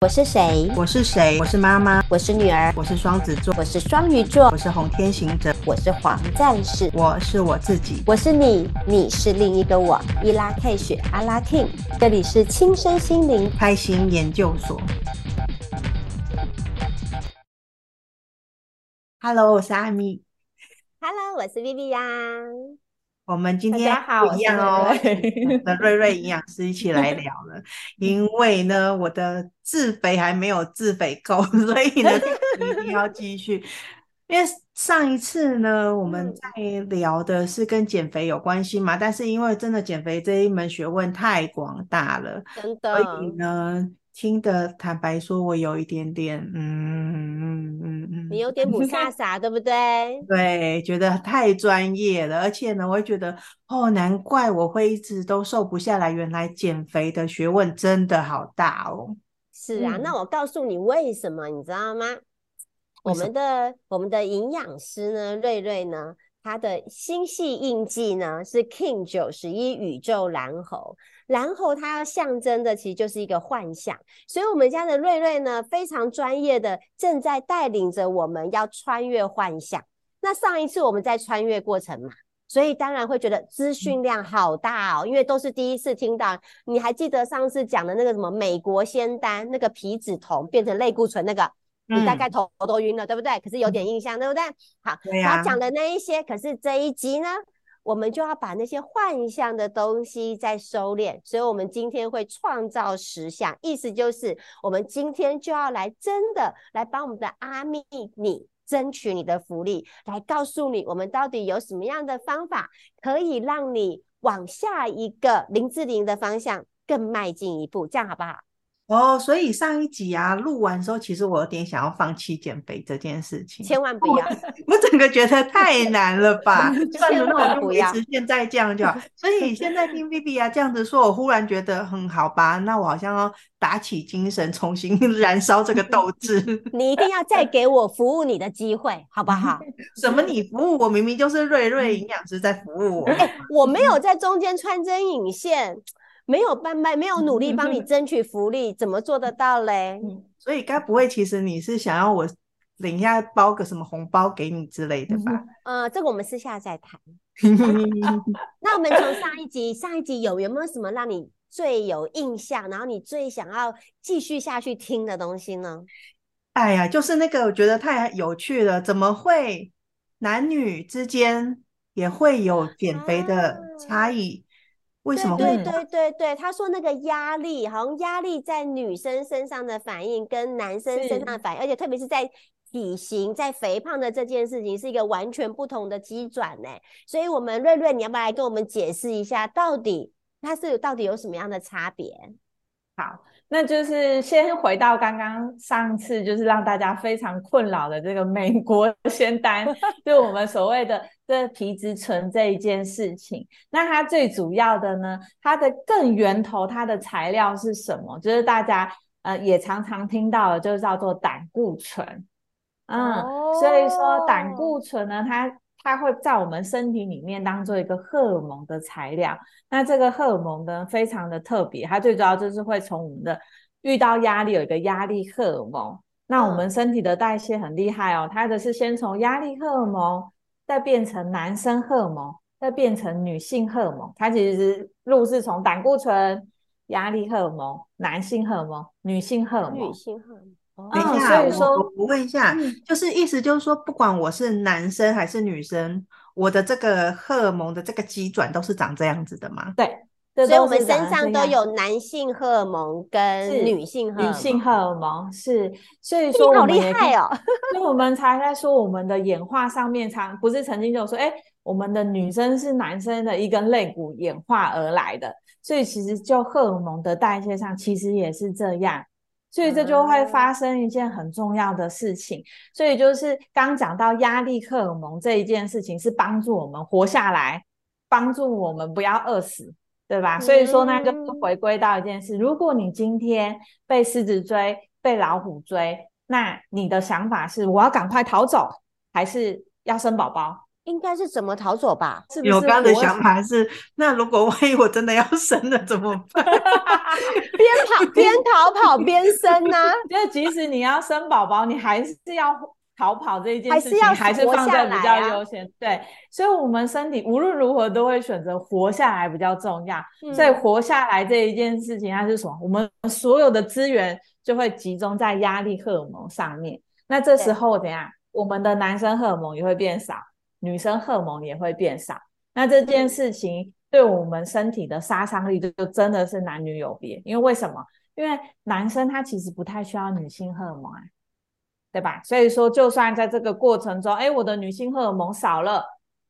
我是誰？我是誰？我是媽媽。我是女兒。我是雙子座。我是雙魚座。我是紅天行者。我是黃戰士。我是我自己。我是你。你是另一個我。伊拉克雪阿拉丁。這裡是親身心靈開心言究所。Hello，我是阿咪。Hello，我是薇薇呀。 我們今天好一樣哦，跟對瑞瑞營養 師一起來聊了。 因為呢，我的自肥還沒有自肥夠，所以呢 你一定要繼續。因為上一次呢，我們在聊的是跟減肥有關係嘛，嗯、但是因為真的減肥這一門學問太廣大了，真的所以呢。聽得坦白說，我有一點點，嗯嗯嗯嗯嗯，嗯嗯你有點霧煞煞， 對不對？對，覺得太專業了，而且呢，我也覺得，哦，難怪我會一直都瘦不下來，原來減肥的學問真的好大哦。是啊，嗯、那我告訴你為什麼，你知道嗎？我們的我們的營養師呢，睿睿呢？它的星系印記呢是 Kin 九十一宇宙藍猴，藍猴它要象徵的其實就是一個幻象，所以我們家的睿睿呢非常專業的，正在帶領着我們要穿越幻象。那上一次我們在穿越過程嘛，所以當然會覺得資訊量好大哦，嗯、因為都是第一次聽到。你還記得上次講的那個什麼美國仙丹，那個皮質酮變成類固醇那個？你大概頭都暈了，嗯、對不對？可是有點印象，嗯、對不對？好，啊、他講的那一些，可是這一集呢，我們就要把那些幻象的東西再收斂。所以，我們今天會創造實相，意思就是，我們今天就要來真的，來幫我們的阿密你爭取你的福利，來告訴你，我們到底有什麼樣的方法，可以讓你往下一個林志玲的方向更邁進一步，這樣好不好？哦，oh, 所以上一集啊錄完之後，其實我有點想要放棄減肥這件事情。千萬不要我，我整個覺得太難了吧？算了，那我不要。現在這樣就好。 所以現在聽 Vivi 啊這樣子說，我忽然覺得很好吧？那我好像要打起精神，重新燃燒這個鬥志。 你一定要再給我服務你的機會，好不好？ 什麼？你服務我？明明就是瑞瑞營養師在服務我。 欸，我沒有在中間穿針引線。沒有販賣，沒有努力幫你爭取福利， 怎麼做得到嘞？所以該不會，其實你是想要我領一下包個什麼紅包給你之類的吧？嗯、呃，這個我們私下再談。 那我們從上一集，上一集有有沒有什麼讓你最有印象，然後你最想要繼續下去聽的東西呢？哎呀，就是那個我覺得太有趣了，怎麼會男女之間也會有減肥的差異？啊對對對對對，他說那個壓力，好像壓力在女生身上的反應跟男生身上的反應，是而且特別是在體型、在肥胖的這件事情，是一個完全不同的機轉呢。所以，我們睿睿，你要不要來跟我們解釋一下，到底它是有到底有什麼樣的差別？好。那就是先回到剛剛上次，就是讓大家非常困擾的這個美國仙丹，就我們所謂的這皮質醇這一件事情。那它最主要的呢，它的更源頭，它的材料是什麼？就是大家呃也常常聽到的，就是叫做膽固醇。嗯，oh. 所以說膽固醇呢，它它會在我們身體裡面當做一個荷爾蒙的材料。那這個荷爾蒙呢，非常的特別。它最主要就是會從我們的遇到壓力有一個壓力荷爾蒙。那我們身體的代謝很厲害哦，它的是先從壓力荷爾蒙，再變成男生荷爾蒙，再變成女性荷爾蒙。它其實是路是從膽固醇、壓力荷爾蒙、男性荷爾蒙、女性荷爾蒙。女性荷爾蒙。哦，所以說我我問一下，嗯、就是意思就是說，不管我是男生還是女生，我的這個荷爾蒙的這個機轉都是長這樣子的嗎？對，所以我們身上都有男性荷爾蒙跟女性荷爾蒙，女性荷爾蒙是。所以說好厲害哦，所 以我們才在說我們的演化上面，曾不是曾經就說，哎、欸，我們的女生是男生的一根肋骨演化而來的，所以其實就荷爾蒙的代謝上，其實也是這樣。所以這就會發生一件很重要的事情。所以就是剛講到壓力荷爾蒙這一件事情是幫助我們活下來，幫助我們不要餓死，對吧？所以說呢，就回歸到一件事，如果你今天被獅子追，被老虎追，那你的想法是我要趕快逃走，還是要生寶寶？應該是怎麼逃走吧？有剛的想法是，那如果萬一我真的要生了怎麼辦？邊 跑邊逃跑邊生啊！ 就即使你要生寶寶，你還是要逃跑這一件事情，還是，要啊，還是放在比較優先。對，所以我們身體無論如何都會選擇活下來比較重要。嗯、所以活下來這一件事情，它是什麼？我們所有的資源就會集中在壓力荷爾蒙上面。那這時候怎樣？對我們的男生荷爾蒙也會變少。女生荷爾蒙也會變少，那這件事情對我們身體的殺傷力就真的是男女有別。因為為什麼？因為男生他其實不太需要女性荷爾蒙啊，對吧？所以說，就算在這個過程中，誒我的女性荷爾蒙少了，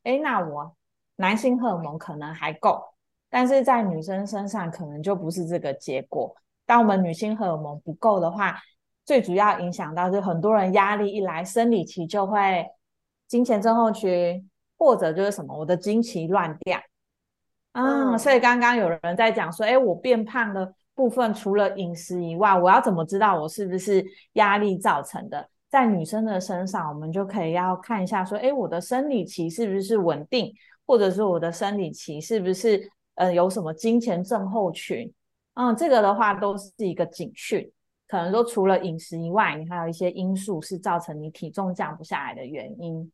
誒那我男性荷爾蒙可能還夠，但是在女生身上可能就不是這個結果。當我們女性荷爾蒙不夠的話，最主要影響到就是很多人壓力一來，生理期就會。經前症候群，或者就是什麼我的經期亂掉啊，嗯嗯、所以剛剛有人在講說，誒、欸、我變胖的部分除了飲食以外，我要怎麼知道我是不是壓力造成的？在女生的身上，我們就可以要看一下說，誒、欸、我的生理期是不是穩定，或者是我的生理期是不是呃有什麼經前症候群？嗯，這個的話都是一個警訊，可能說除了飲食以外，你還有一些因素是造成你體重降不下來的原因。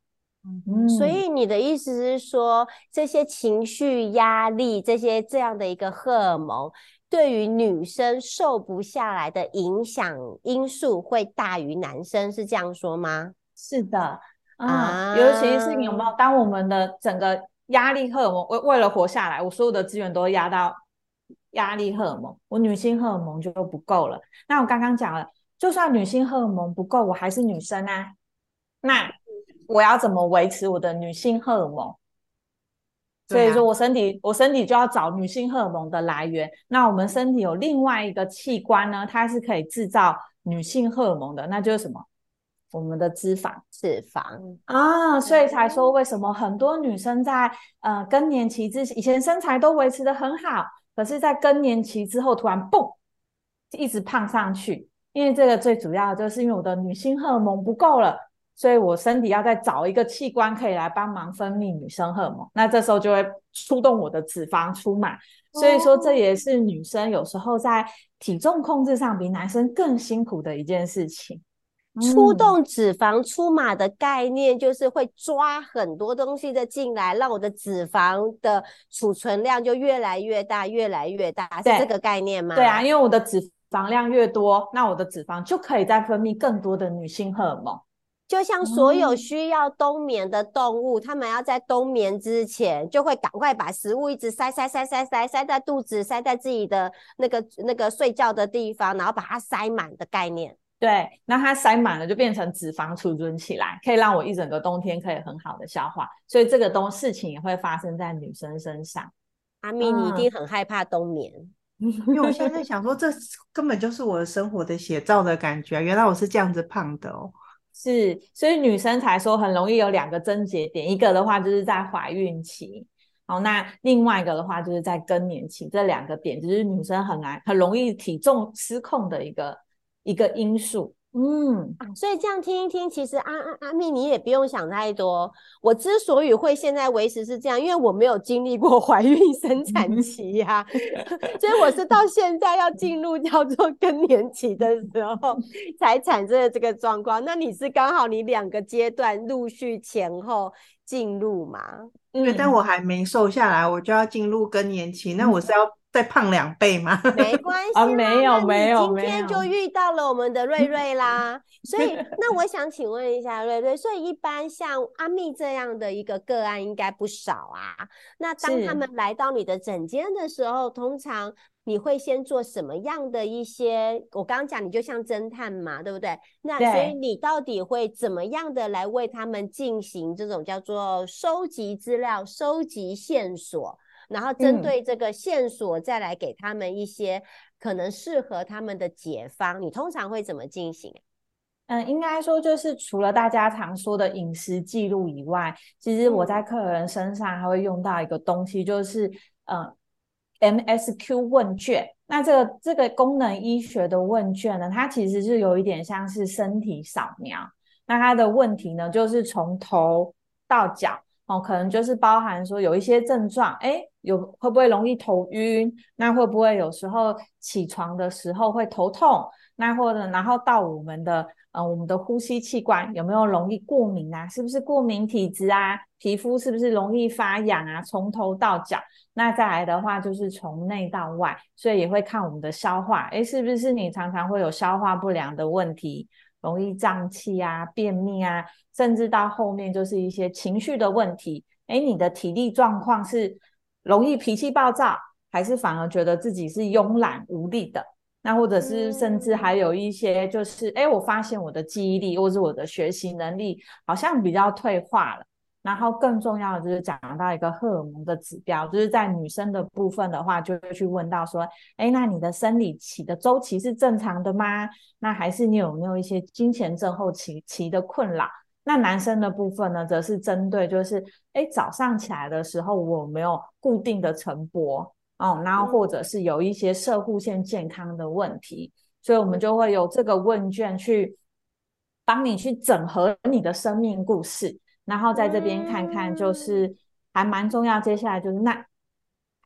嗯、所以你的意思是說，這些情緒壓力、這些這樣的一個荷爾蒙，對於女生瘦不下來的影響因素會大於男生，是這樣說嗎？是的，嗯、啊，尤其是你有沒有當我們的整個壓力荷爾蒙為為了活下來，我所有的資源都壓到壓力荷爾蒙，我女性荷爾蒙就不夠了。那我剛剛講了，就算女性荷爾蒙不夠，我還是女生啊，那。我要怎麼維持我的女性荷爾蒙？所以說，我身體、啊、我身體就要找女性荷爾蒙的來源。那我們身體有另外一個器官呢，它是可以制造女性荷爾蒙的，那就是什麼？我們的脂肪，脂肪啊，所以才說為什麼很多女生在呃更年期之以前身材都維持得很好，可是在更年期之後突然嘣一直胖上去，因為這個最主要的就是因為我的女性荷爾蒙不夠了。所以我身體要再找一個器官可以來幫忙分泌女生荷爾蒙，那這時候就會出動我的脂肪出馬。Oh. 所以說這也是女生有時候在體重控制上比男生更辛苦的一件事情。出動脂肪出馬的概念就是會抓很多東西的進來，讓我的脂肪的儲存量就越來越大、越來越大，對是這個概念嗎？對啊，因為我的脂肪量越多，那我的脂肪就可以再分泌更多的女性荷爾蒙。就像所有需要冬眠的動物，它、嗯、們要在冬眠之前，就會趕快把食物一直塞塞塞塞塞塞，塞，塞，塞在肚子，塞在自己的那個那個睡覺的地方，然後把它塞滿的概念。對，那它塞滿了就變成脂肪儲存起來，可以讓我一整個冬天可以很好的消化。所以這個東事情也會發生在女生身上。阿咪，啊啊，你一定很害怕冬眠。嗯、因為我現在想說， 這根本就是我的生活的寫照的感覺。原來我是這樣子胖的哦。是，所以女生才說很容易有兩個症結點，一個的話就是在懷孕期，好，那另外一個的話就是在更年期，這兩個點就是女生很難很容易體重失控的一個一個因素。嗯、啊，所以這樣聽一聽，其實阿、啊、阿、啊、阿咪，你也不用想太多。我之所以會現在維持是這樣，因為我沒有經歷過懷孕生產期呀、啊， 所以我是到現在要進入叫做更年期的時候才產生這個狀況。那你是剛好你兩個階段陸續前後進入嘛？為對、嗯、但我還沒瘦下來，我就要進入更年期，嗯、那我是要。再胖兩倍嗎？沒關係啊、哦，沒有沒有，今天就遇到了我們的瑞瑞啦。 所以，那我想請問一下瑞瑞，所以一般像阿蜜這樣的一個個案應該不少啊。那當他們來到你的診間的時候，是通常你會先做什麼樣的一些？我剛剛講你就像偵探嘛，對不對？那所以你到底會怎麼樣的來為他們進行這種叫做收集資料、收集線索？然後針對這個線索，再來給他們一些可能適合他們的解方。嗯，你通常會怎麼進行？嗯，應該說就是除了大家常說的飲食記錄以外，其實我在客人身上還會用到一個東西，就是嗯、呃，MSQ 問卷。那這個這個功能醫學的問卷呢，它其實是有一點像是身體掃描。那它的問題呢，就是從頭到腳。哦，可能就是包含說有一些症狀，哎，有，會不會容易頭暈？那會不會有時候起床的時候會頭痛？那或者，然後到我們的，呃，我們的呼吸器官，有沒有容易過敏啊？是不是過敏體質啊？皮膚是不是容易發癢啊？從頭到腳，那再來的話就是從內到外，所以也會看我們的消化，哎，是不是你常常會有消化不良的問題？容易脹氣啊、便秘啊，甚至到後面就是一些情緒的問題。哎，你的體力狀況是容易脾氣暴躁，還是反而覺得自己是慵懶無力的？那或者是甚至還有一些就是，哎、嗯，我發現我的記憶力或者我的學習能力好像比較退化了。然後更重要的就是講到一個荷爾蒙的指標，就是在女生的部分的話，就去問到說，哎，那你的生理期的週期是正常的嗎？那還是你有沒有一些經前症候期期的困擾？那男生的部分呢，則是針對就是，哎，早上起來的時候我沒有固定的晨勃哦，然後或者是有一些攝護腺健康的問題，所以我們就會有這個問卷去幫你去整合你的生命故事。然後在這邊看看，就是還蠻重要。接下來就是那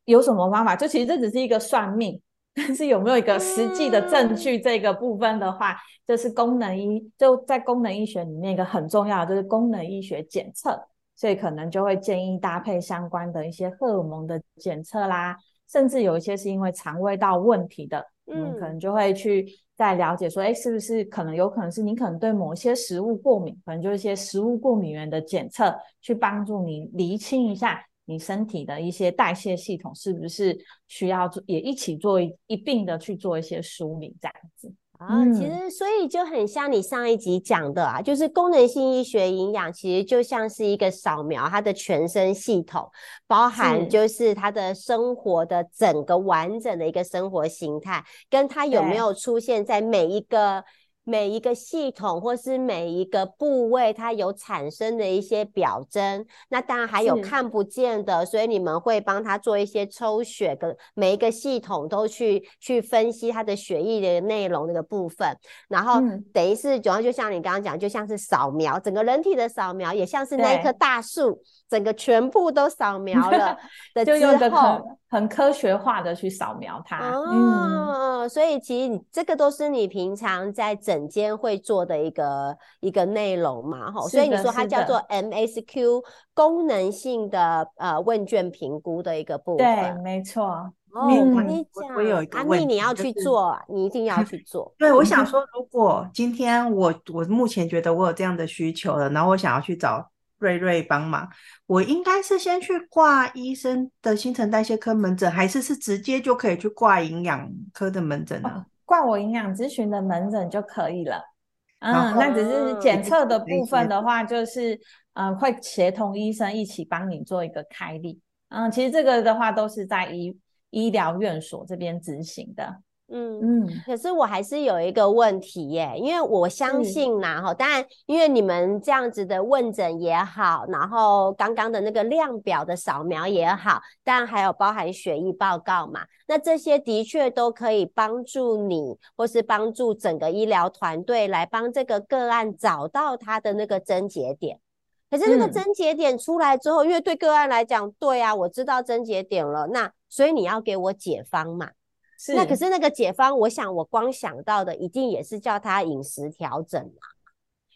有什麼方法？就其實這只是一個算命，但是有沒有一個實際的證據？這個部分的話，就是功能醫就在功能醫學裡面一個很重要的就是功能醫學檢測，所以可能就會建議搭配相關的一些荷爾蒙的檢測啦，甚至有一些是因為腸胃道問題的，嗯，可能就會去。在了解說，哎，是不是可能有可能是你可能對某些食物過敏，可能就是一些食物過敏原的檢測，去幫助你釐清一下你身體的一些代謝系統，是不是需要做，也一起做一併的去做一些梳理，這樣子。啊、哦，其實所以就很像你上一集講的啊，就是功能性醫學營養，其實就像是一個掃描它的全身系統，包含就是它的生活的整個完整的一個生活形態，跟它有沒有出現在每一個。每一個系統或是每一個部位，它有產生的一些表徵，那當然還有看不見的，是所以你們會幫他做一些抽血的，每一個系統都去去分析他的血液的內容那個部分，然後、嗯、等於是主要就像你剛剛講，就像是掃描整個人體的掃描，也像是那一棵大樹，對整個全部都掃描了的之後 很科學化的去掃描它哦，嗯、所以其實這個都是你平常在診間會做的一個一個內容嘛，哈的，所以你說它叫做 MSQ 的功能性的呃問卷評估的一個部分，對，沒錯。哦，沒我跟你講我，我有一個問，阿蜜你要去做，就是、你一定要去做。 對，我想說，如果今天我我目前覺得我有這樣的需求了，然後我想要去找。睿睿幫忙，我應該是先去掛醫生的新陳代謝科門診，還是是直接就可以去掛營養科的門診呢、啊哦？掛我營養諮詢的門診就可以了。嗯，那後、嗯、只是檢測的部分的話，就是嗯、呃、會協同醫生一起幫你做一個開立。嗯，其實這個的話都是在醫醫療院所這邊執行的。嗯嗯，嗯，可是我還是有一個問題耶、欸，因為我相信吶哈，當然、嗯、因為你們這樣子的問診也好，然後剛剛的那個量表的掃描也好，當然還有包含血液報告嘛，那這些的確都可以幫助你，或是幫助整個醫療團隊來幫這個個案找到他的那個症結點。可是那個症結點出來之後，嗯、因為對個案來講，對啊，我知道症結點了，那所以你要給我解方嘛。是那可是那個解方，我想我光想到的，一定也是叫他飲食調整啦、啊、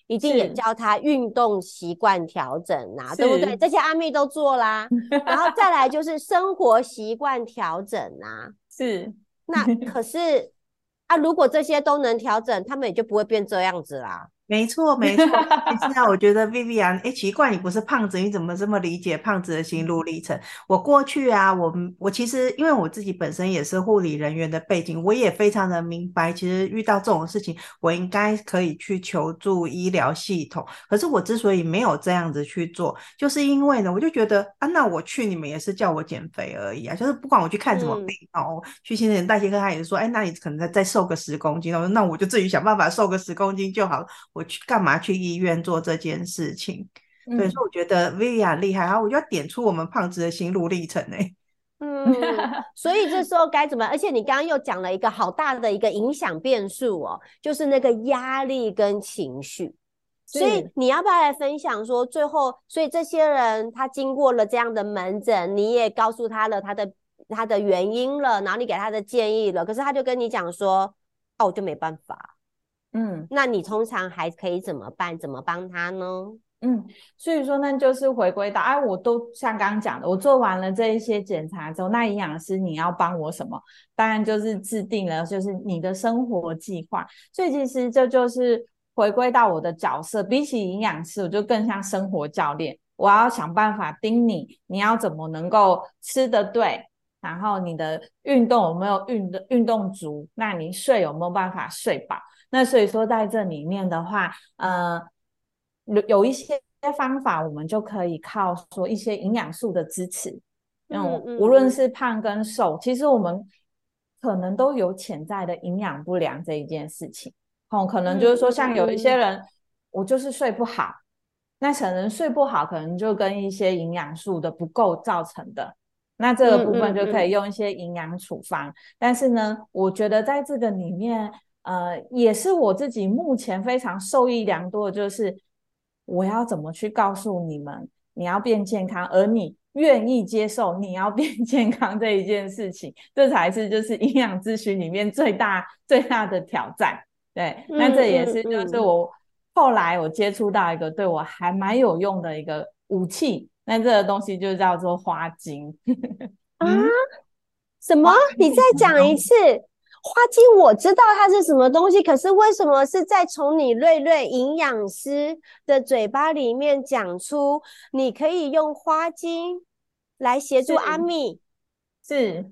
一定也叫他運動習慣調整啦、啊、是對不對？是這些阿密都做啦， 然後再來就是生活習慣調整啦、啊、是，那可是 啊，如果這些都能調整，他們也就不會變這樣子啦。沒錯，沒錯。你知道我覺得 Vivian，哎，奇怪，你不是胖子，你怎麼這麼理解胖子的心路歷程？我過去啊，我我其實因為我自己本身也是護理人員的背景，我也非常的明白，其實遇到這種事情，我應該可以去求助醫療系統。可是我之所以沒有這樣子去做，就是因為呢，我就覺得啊，那我去你們也是叫我減肥而已啊，就是不管我去看什麼病，哦、嗯，去新陳代謝科，他也是說，哎，那你可能再再瘦個十公斤，我說，那我就自己想辦法瘦個十公斤就好了。我。去幹嘛？去醫院做這件事情，所以說我覺得薇婭厲害。啊，我就要點出我們胖子的心路歷程哎、欸。嗯，所以這時候該怎麼？而且你剛剛又講了一個好大的一個影響變數哦，就是那個壓力跟情緒。所以你要不要來分享說，最後所以這些人他經過了這樣的門診，你也告訴他了他的他的原因了，然後你給他的建議了，可是他就跟你講說，哦，我就沒辦法。嗯，那你通常還可以怎麼辦？怎麼幫他呢？嗯，所以說那就是回歸到哎，我都像剛剛講的，我做完了這一些檢查之後，那營養師，你要幫我什麼？當然就是制定了就是你的生活計劃。所以其實這就是回歸到我的角色，比起營養師，我就更像生活教練。我要想辦法盯你，你要怎麼能夠吃得對，然後你的運動有沒有運動運動足？那你睡有沒有辦法睡飽？那所以說，在這裡面的話，呃，有有一些方法，我們就可以靠說一些營養素的支持。嗯、嗯，無論是胖跟瘦，其實我們可能都有潛在的營養不良這一件事情。哦，可能就是說，像有一些人，嗯嗯，我就是睡不好。那可能睡不好，可能就跟一些營養素的不夠造成的。那這個部分就可以用一些營養處方。嗯嗯嗯，但是呢，我覺得在這個裡面。呃，也是我自己目前非常受益良多的，就是我要怎麼去告訴你們，你要變健康，而你願意接受你要變健康這一件事情，這才是就是營養諮詢裡面最大、嗯、最大的挑戰。對，嗯、那這也是就是我後來我接觸到一個對我還蠻有用的一個武器，那這個東西就叫做花精 啊？什麼？啊、你再講一次。哎花精我知道它是什麼東西，可是為什麼是在從你睿睿營養師的嘴巴裡面講出？你可以用花精來協助阿蜜，是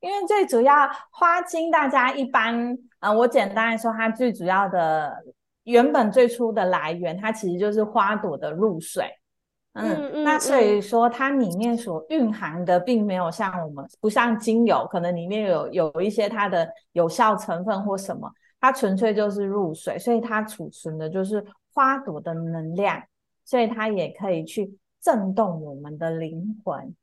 因為最主要花精大家一般啊、呃，我簡單來說，它最主要的原本最初的來源，它其實就是花朵的露水。嗯，嗯，那所以說它裡面所蘊含的，並沒有像我們不像精油，可能裡面有有一些它的有效成分或什麼，它純粹就是入水，所以它儲存的就是花朵的能量，所以它也可以去震動我們的靈魂。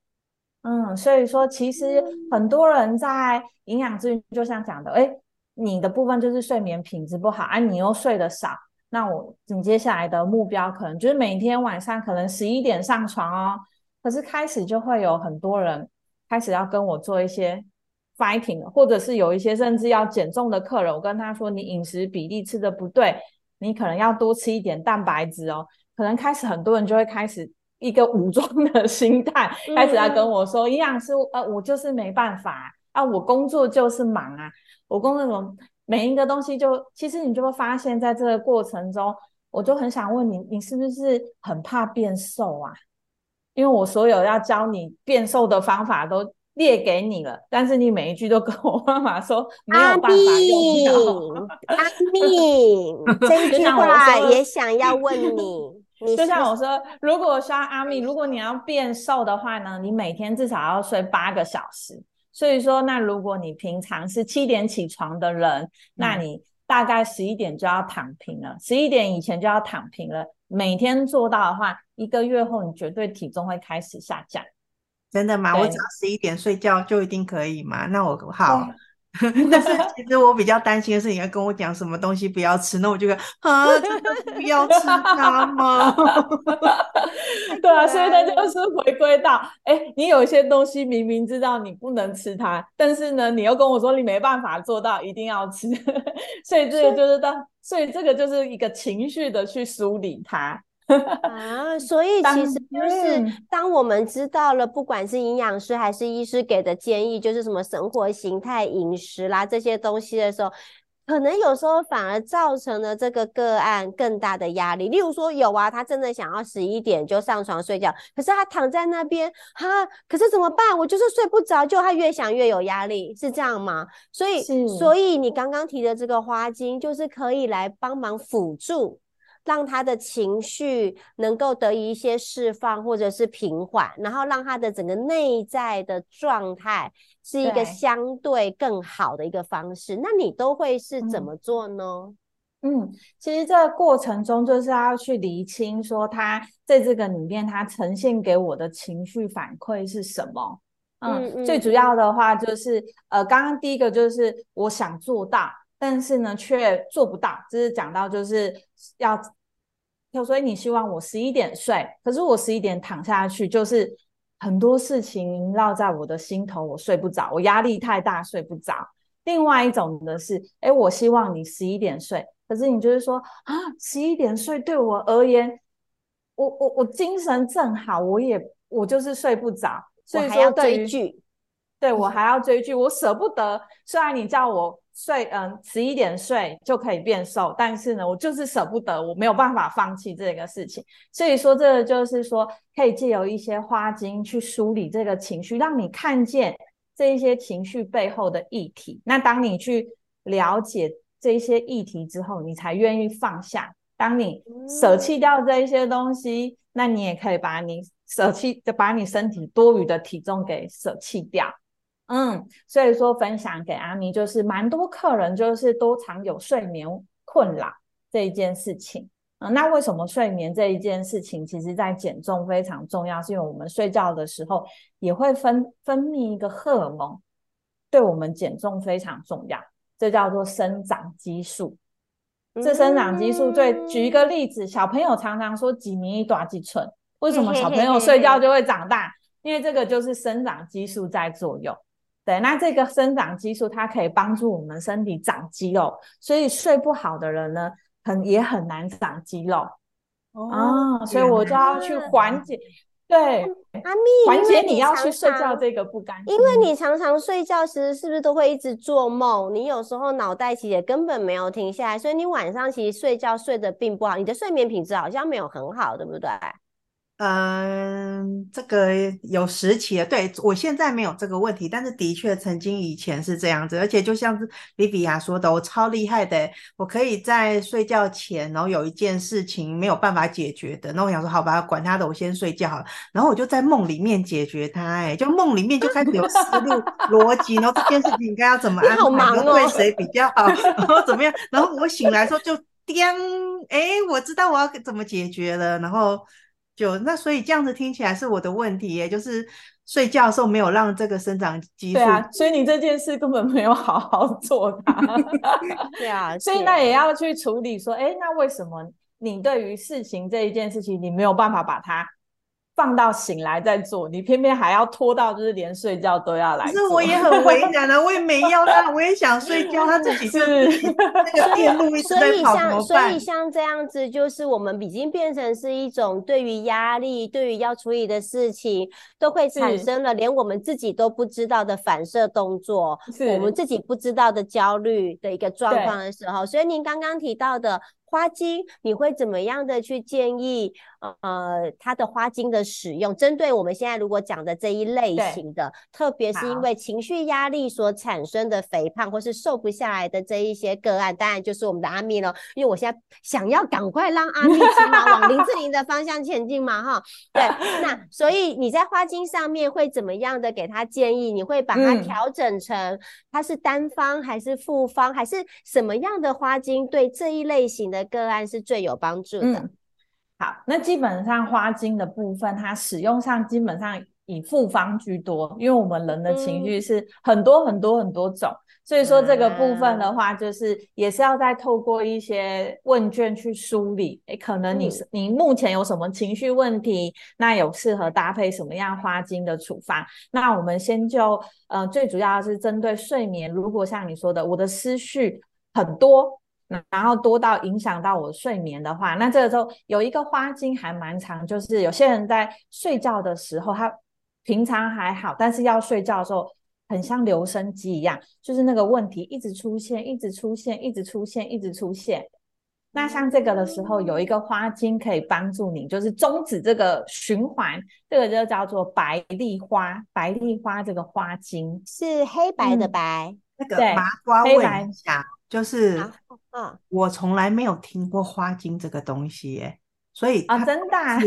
嗯，所以說其實很多人在營養諮詢就像講的，哎，你的部分就是睡眠品質不好，啊，你又睡得少。那我你接下來的目標可能就是每天晚上可能十一點上床哦，可是開始就會有很多人開始要跟我做一些 fighting，或者是有一些甚至要減重的客人，我跟他說你飲食比例吃得不對，你可能要多吃一點蛋白質哦。可能開始很多人就會開始一個武裝的心態，開始來跟我說營養師，呃，我就是沒辦法啊，我工作就是忙啊，我工作什麼。每一個東西就，其實你就會發現，在這個過程中，我就很想問你，你是不是很怕變瘦啊？因為我所有要教你變瘦的方法都列給你了，但是你每一句都跟我媽媽說沒有辦法用。阿米蜜， 這一句話也想要問你。 就像我說， 如果說阿米，如果你要變瘦的話呢，你每天至少要睡八個小時。所以說，那如果你平常是七點起床的人，嗯、那你大概十一點就要躺平了，十一點以前就要躺平了。每天做到的話，一個月後你絕對體重會開始下降。真的嗎？對我只要十一點睡覺就一定可以嗎？那我好。嗯 但是其實我比較擔心的是，你要跟我講什麼東西不要吃，那我就覺得，啊，真的不要吃它嗎？ 對啊，所以那就是回歸到，哎、欸，你有一些東西明明知道你不能吃它，但是呢，你又跟我說你沒辦法做到一定要吃， 所以這個就是到，是所以這個就是一個情緒的去梳理它。 啊，所以其實就是當我們知道了，不管是營養師還是醫師給的建議，就是什麼生活形態、飲食啦這些東西的時候，可能有時候反而造成了這個個案更大的壓力。例如說，有啊，他真的想要十一點就上床睡覺，可是他躺在那邊，哈，可是怎麼辦？我就是睡不着，就他越想越有壓力，是這樣嗎？所以，是所以你剛剛提的這個花精，就是可以來幫忙輔助。讓他的情緒能夠得以一些釋放或者是平緩，然後讓他的整個內在的狀態是一個相對更好的一個方式。對那你都會是怎麼做呢嗯？嗯，其實這個過程中就是要去釐清，說他在這個裡面他呈現給我的情緒反饋是什麼。嗯嗯,嗯，最主要的話就是呃，剛剛第一個就是我想做到。但是呢，卻做不到。就是講到，就是要，所以你希望我十一點睡，可是我十一點躺下去，就是很多事情縈繞在我的心頭，我睡不着，我壓力太大，睡不着。另外一種的是，哎，我希望你十一點睡，可是你就是說啊，十一點睡對我而言，我我我精神正好，我也我就是睡不着，所以說，對我還要追劇。對，我還要追劇，我捨不得。雖然你叫我睡，嗯，十一點睡就可以變瘦，但是呢，我就是捨不得，我沒有辦法放棄這個事情。所以說，這個就是說，可以借由一些花精去梳理這個情緒，讓你看見這些情緒背後的議題。那當你去了解這些議題之後，你才願意放下。當你捨棄掉這一些東西，嗯、那你也可以把你捨棄，就把你身體多餘的體重給捨棄掉。嗯，所以說分享給阿咪，就是蠻多客人就是都常有睡眠困擾這一件事情。嗯，那為什麼睡眠這一件事情，其實在減重非常重要，是因為我們睡覺的時候也會分分泌一個荷爾蒙，對我們減重非常重要，這叫做生長激素。這生長激素對，舉一個例子，小朋友常常說幾米一大幾寸，為什麼小朋友睡覺就會長大？ 因為這個就是生長激素在作用。那這個生長激素它可以幫助我們身體長肌肉，所以睡不好的人呢，很也很難長肌肉。哦，哦哪所以我就要去緩解，對，嗯、阿咪，緩解你要去睡覺這個不甘。因為你常常睡覺時是不是都會一直做夢？你有時候腦袋其實也根本沒有停下來，所以你晚上其實睡覺睡得並不好，你的睡眠品質好像沒有很好，對不對？嗯，這個有時期了，對我現在沒有這個問題，但是的確曾經以前是這樣子，而且就像是莉比亞說的，我、哦、超厲害的，我可以在睡覺前，然後有一件事情沒有辦法解決的，那我想說，好吧，管他的，我先睡覺好了，然後我就在夢裡面解決它，哎，就夢裡面就開始有思路、邏輯， 然後這件事情應該要怎麼安排，跟、哦、對誰比較好， 然後怎麼樣，然後我醒來的時候，就，哎，我知道我要怎麼解決了，然後。就那，所以這樣子聽起來是我的問題耶，就是睡覺的時候沒有讓這個生長激素。對啊，所以你這件事根本沒有好好做它。 對啊， 所以那也要去處理說，哎、欸，那為什麼你對於事情這一件事情，你沒有辦法把它？放到醒來再做，你偏偏還要拖到，就是連睡覺都要來。可是我也很為難啊， 我也沒要他，我也想睡覺， 是他自己是那個電路。所以，所以像，所以像這樣子，就是我們已經變成是一種對於壓力、對於要處理的事情，都會產生了連我們自己都不知道的反射動作，是我們自己不知道的焦慮的一個狀況的時候。對所以您剛剛提到的花精，你會怎麼樣的去建議？呃，它的花精的使用，針對我們現在如果講的這一類型的，對特別是因為情緒壓力所產生的肥胖好或是瘦不下來的這一些個案，當然就是我們的阿米咯。因為我現在想要趕快讓阿米起碼往林志玲的方向前進嘛，哈、 哦。對，那所以你在花精上面會怎麼樣的給他建議？你會把它調整成它是單方還是複方，嗯、還是什麼樣的花精對這一類型的個案是最有幫助的？嗯好，那基本上花精的部分，它使用上基本上以複方居多，因為我們人的情緒是很多很多很多種，嗯、所以說這個部分的話，就是也是要再透過一些問卷去梳理，哎，可能你、嗯、你目前有什麼情緒問題，那有適合搭配什麼樣花精的處方？那我們先就呃，最主要的是針對睡眠，如果像你說的，我的思緒很多。然後多到影響到我睡眠的話，那這個時候有一個花精還蠻長，就是有些人在睡覺的時候，他平常還好，但是要睡覺的時候，很像留聲機一樣，就是那個問題一直出現，一直出現，一直出現，一直出現。出現，那像這個的時候，有一個花精可以幫助你，就是終止這個循環，這個就叫做白栗花，白栗花這個花精是黑白的白。嗯。那個麻瓜問一下，就是嗯，我從來沒有聽過花精這個東西耶，哦、所以啊、哦，真的、啊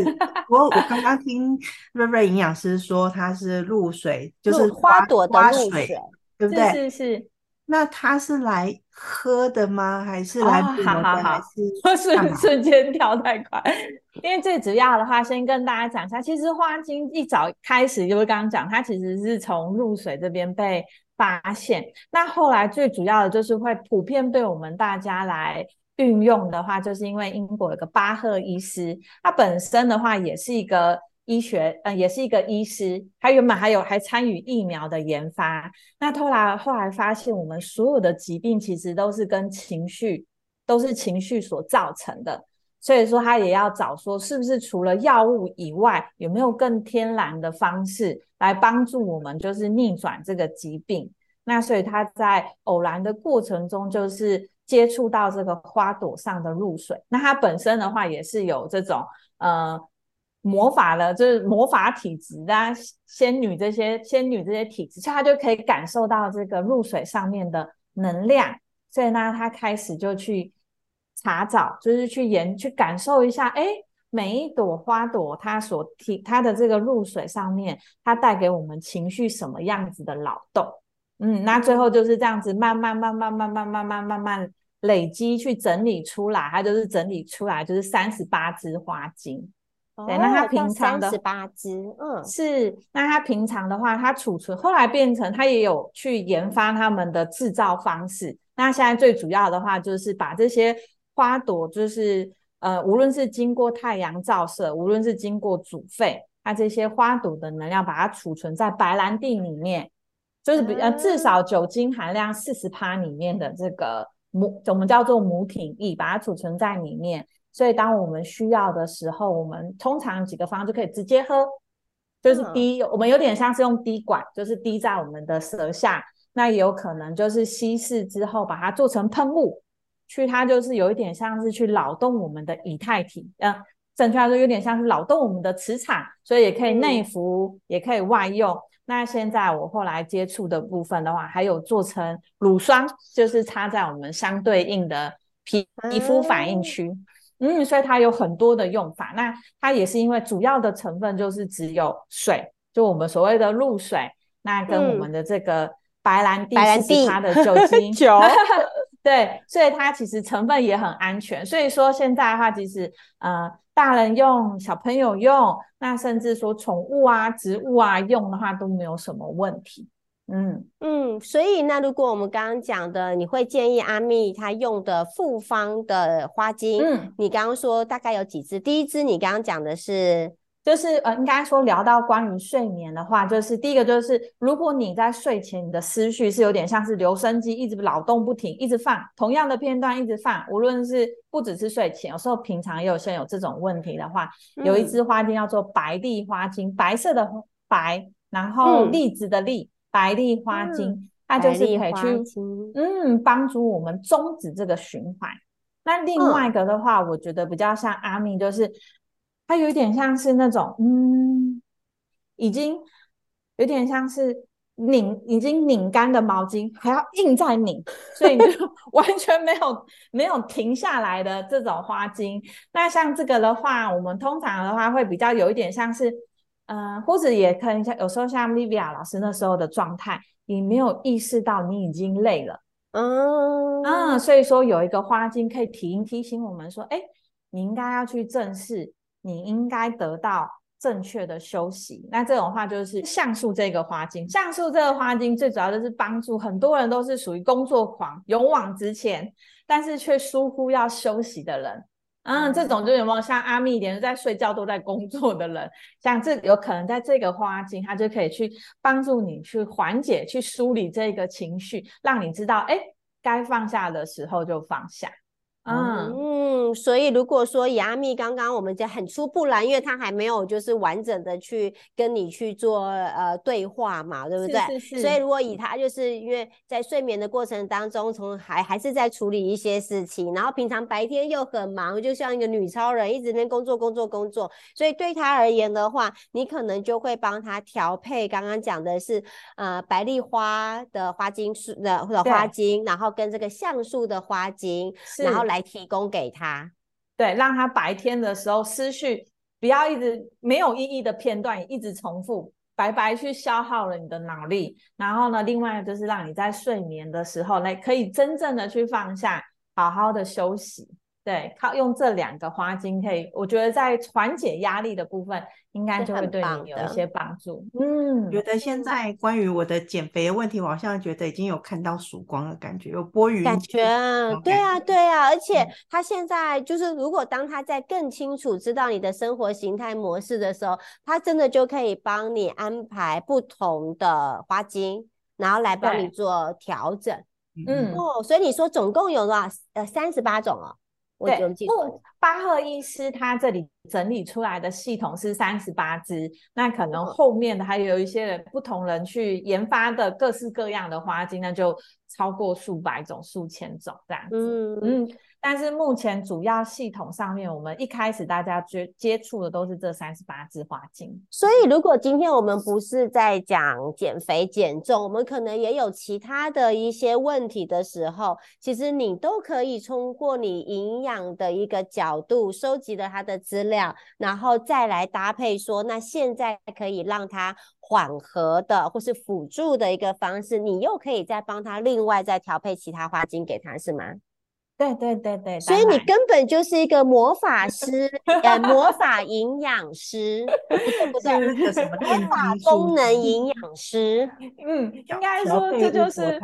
我，我我剛剛聽睿睿營養師說，它是露水，入就是花，花朵的露水，水是對不對？是是。是，那它是來喝的嗎？還是來、哦、好好好。是我是瞬間跳太快，因為最主要的話，先跟大家講一下，其實花精一早開始就是剛剛講，它其實是從露水這邊被。發現，那後來最主要的就是會普遍對我們大家來運用的話，就是因為英國有個巴赫醫師，他本身的話也是一個醫學，呃，也是一個醫師，他原本還有還參與疫苗的研發，那後來後來發現我們所有的疾病其實都是跟情緒，都是情緒所造成的。所以說他也要找說，是不是除了藥物以外，有沒有更天然的方式來幫助我們，就是逆轉這個疾病？那所以他在偶然的過程中，就是接觸到這個花朵上的露水。那他本身的話也是有這種呃魔法的，就是魔法體質啊，仙女這些仙女這些體質，所以他就可以感受到這個露水上面的能量。所以呢，他開始就去。查找就是去研去感受一下，哎、欸，每一朵花朵它所提它的這個露水上面，它帶給我們情緒什麼樣子的勞動。嗯，那最後就是這樣子，慢慢慢慢慢慢慢慢慢慢慢累積去整理出來，它就是整理出來就是三十八支花精。哦，那它平常的十八支，嗯，是那它平常的話，它儲存後來變成它也有去研發他們的製造方式。那現在最主要的話就是把這些，花朵就是呃，無論是經過太陽照射，無論是經過煮沸，它這些花朵的能量把它儲存在白蘭地裡面，就是比較、嗯、至少酒精含量四十趴裡面的這個母，我們叫做母體液，把它儲存在裡面。所以當我們需要的時候，我們通常幾個方就可以直接喝，就是滴，嗯、我們有點像是用滴管，就是滴在我們的舌下，那也有可能就是稀釋之後把它做成噴霧。去它就是有一點像是去擾動我們的以太體，嗯、呃，準確來說有點像是擾動我們的磁場，所以也可以內服，嗯、也可以外用。那現在我後來接觸的部分的話，還有做成乳霜，就是擦在我們相對應的皮皮膚反應區，嗯、嗯，所以它有很多的用法。那它也是因為主要的成分就是只有水，就我們所謂的露水，那跟我們的這個白蘭地，白蘭地它的酒精。嗯白 對，所以它其實成分也很安全，所以說現在的話，其實呃，大人用、小朋友用，那甚至說寵物啊、植物啊用的話都沒有什麼問題。嗯嗯，所以那如果我們剛剛講的，你會建議阿蜜她用的複方的花精，嗯，你剛剛說大概有幾支？第一支你剛剛講的是。就是呃，應該說聊到關於睡眠的話，就是第一個就是，如果你在睡前你的思緒是有點像是留聲機一直勞動不停，一直放同樣的片段一直放，無論是不只是睡前，有時候平常也有些有這種問題的話，嗯、有一支花精叫做白栗花精，白色的白，然後栗子的栗、嗯、白栗花精，嗯、那就是可以去嗯幫助我們終止這個循環。那另外一個的話，嗯、我覺得比較像阿明就是。它有一點像是那種，嗯，已經有點像是擰已經擰乾的毛巾，還要硬再擰，所以你就完全沒有 沒有停下來的這種花精。那像這個的話，我們通常的話會比較有一點像是，嗯、呃，或者也可能像有時候像 Livia 老師那時候的狀態，你沒有意識到你已經累了，嗯嗯、啊，所以說有一個花精可以提提醒我們說，哎，你應該要去正視。你應該得到正確的休息。那這種話就是橡樹這個花精，橡樹這個花精最主要就是幫助很多人都是屬於工作狂，勇往直前，但是卻疏忽要休息的人。嗯，這種就有沒有像阿密，連在睡覺都在工作的人，像這有可能在這個花精，它就可以去幫助你去緩解、去梳理這個情緒，讓你知道，哎，該放下的時候就放下。嗯, uh, 嗯，所以如果說雅蜜，剛剛我們就很初步啦，因為她還沒有就是完整的去跟你去做呃對話嘛，對不對？是是是，所以如果以她就是因為，在睡眠的過程當中，從還還是在處理一些事情，然後平常白天又很忙，就像一個女超人，一直在工作、工作、工作。所以對她而言的話，你可能就會幫她調配，剛剛講的是呃白栗花的花精素的或者花精，對然後跟這個橡樹的花精，是然後來。來提供給他，對，讓他白天的時候思緒不要一直沒有意義的片段，一直重複，白白去消耗了你的腦力。然後呢，另外就是讓你在睡眠的時候呢，來可以真正的去放下，好好的休息。對，靠用這兩個花精可以，我覺得在緩解壓力的部分，應該就會對你有一些幫助。嗯，覺得現在關於我的減肥的問題，嗯、我好像覺得已經有看到曙光的感覺，有撥雲。感覺，啊、感覺，對啊，對啊，而且他現在就是，如果當他在更清楚知道你的生活形態模式的時候，他真的就可以幫你安排不同的花精，然後來幫你做調整。對嗯，嗯哦，所以你說總共有多少？呃，三十八種哦。對，不，巴赫醫師他這裡整理出來的系統是三十八支，那可能後面的還有一些人、嗯、不同人去研發的各式各樣的花精，那就超過數百種、數千種這樣子。嗯。嗯但是目前主要系統上面，我們一開始大家接接觸的都是這三十八支花精。所以如果今天我們不是在講減肥減重，我們可能也有其他的一些問題的時候，其實你都可以通過你營養的一個角度收集了它的資料，然後再來搭配說，那現在可以讓它緩和的或是輔助的一個方式，你又可以再幫他另外再調配其他花精給他，是嗎？對對對對，所以你根本就是一個魔法師， 呃，魔法營養師， 對不對， 是魔法功能營養師？嗯，應該說這就是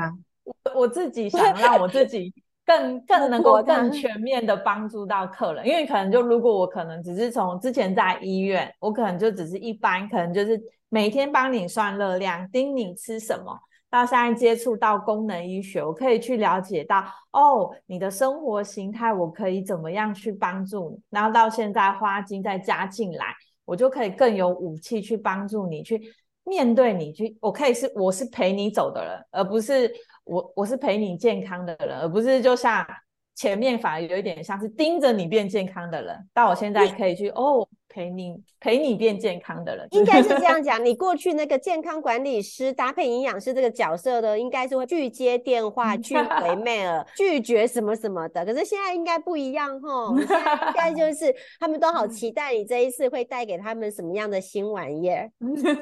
我 我自己想讓我自己更 更能夠更全面的幫助到客人， 更因為可能就如果我可能只是從之前在醫院，我可能就只是一般，可能就是每天幫你算熱量，嗯、盯你吃什麼。到現在接觸到功能醫學，我可以去了解到哦，你的生活形態，我可以怎麼樣去幫助你。然後到現在花精再加進來，我就可以更有武器去幫助你去面對你去，我可以是我是陪你走的人，而不是我我是陪你健康的人，而不是就像前面反而有一點像是盯着你變健康的人。到我現在可以去哦。嗯陪你陪你變健康的人，的應該是這樣講。你過去那個健康管理師搭配營養師這個角色的，應該是會拒接電話、拒回 mail、 拒絕什麼什麼的。可是現在應該不一樣哈，現在應該就是他們都好期待你這一次會帶給他們什麼樣的新玩意兒。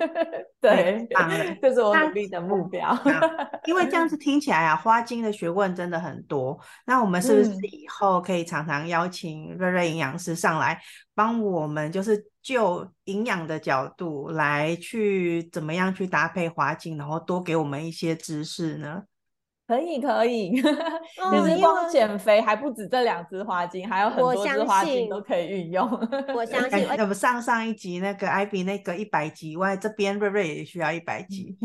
對，的 這是我努力的目標、 啊。因為這樣子聽起來啊，花精的學問真的很多。那我們是不是以後可以常常邀請睿睿營養師上來？幫我們就是就營養的角度來去怎麼樣去搭配花精，然後多給我們一些知識呢？可以可以，其實、哦、光減肥還不止這兩支花精，還有很多支花精都可以運用。我相信，要 不上上一集那個艾比那個一百集，我這邊瑞瑞也需要一百集，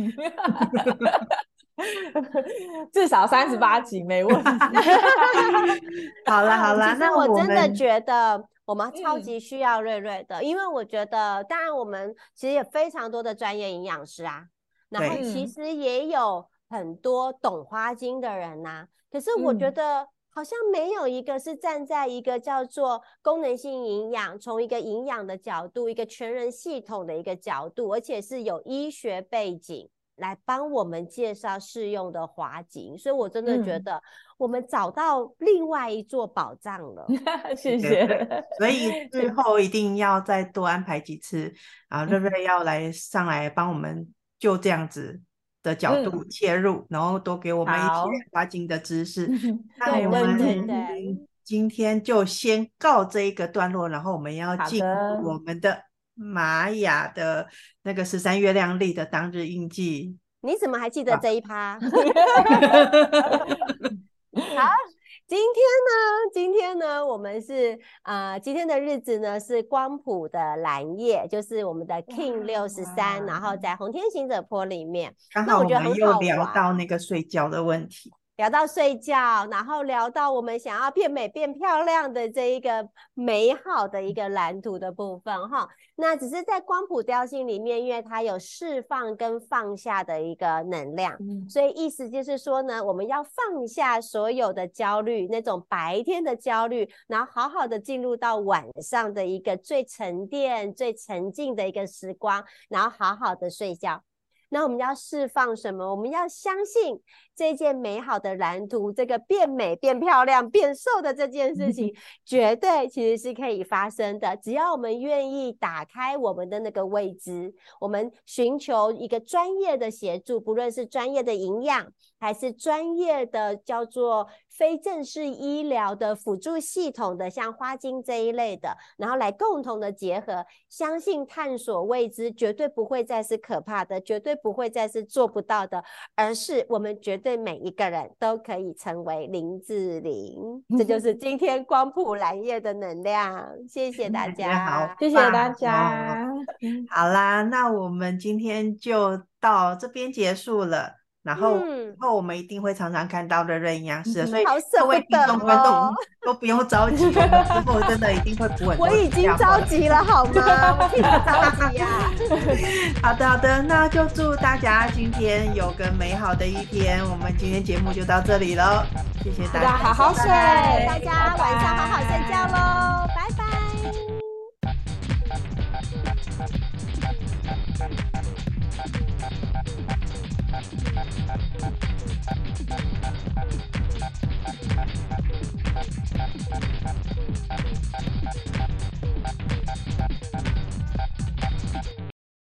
至少三十八集沒問題。 好了好了，啊、我那我，我真的覺得。我們超級需要睿睿的，嗯、因為我覺得，當然我們其實也非常多的專業營養師啊，然後其實也有很多懂花精的人吶、啊，可是我覺得好像沒有一個是站在一個叫做功能性營養，從一個營養的角度，一個全人系統的一個角度，而且是有醫學背景。來幫我們介紹適用的花精，所以我真的覺得我們找到另外一座寶藏了。嗯、 謝謝對對。所以最後一定要再多安排幾次啊！睿睿、嗯、要來上來幫我們就這樣子的角度切入，嗯、然後多給我們一些花精的知識。那好 對我們今天就先告這一個段落，然後我們要進入我們的,的。瑪雅的那個十三月亮曆的當日印記，你怎麼還記得這一趴？啊、 好，今天呢？今天呢？我們是啊、呃，今天的日子呢是光譜的藍夜，就是我們的 King 六十三，然後在紅天行者坡裡面，那我們又聊到那個睡覺的問題。嗯聊到睡覺，然後聊到我們想要變美、變漂亮的這一個美好的一個藍圖的部分哈。嗯、那只是在光譜調性裡面，因為它有釋放跟放下的一個能量，嗯、所以意思就是說呢，我們要放下所有的焦慮，那種白天的焦慮，然後好好的進入到晚上的一個最沉澱、最沉靜的一個時光，然後好好的睡覺。那我們要釋放什麼？我們要相信這件美好的藍圖，這個變美、變漂亮、變瘦的這件事情，絕對其實是可以發生的。只要我們願意打開我們的那個位置，我們尋求一個專業的協助，不論是專業的營養。還是專業的叫做非正式醫療的輔助系統的，像花精這一類的，然後來共同的結合，相信探索未知，絕對不會再是可怕的，絕對不會再是做不到的，而是我們絕對每一個人都可以成為林志玲。嗯、哼這就是今天光譜藍夜的能量。謝謝大家，嗯、大家好，謝謝大家好。好啦，那我們今天就到這邊結束了。然後、嗯、以後我們一定會常常看到睿睿營養師，所以各位聽眾、嗯哦、觀眾都不用着急了，之後 真的一定會不穩。穩。我已經着急了好嗎？好的好的，那就祝大家今天有個美好的一天。我們今天節目就到這裡嘍，謝謝大家，好好睡，拜拜大家晚上好好睡覺嘍，拜拜。拜拜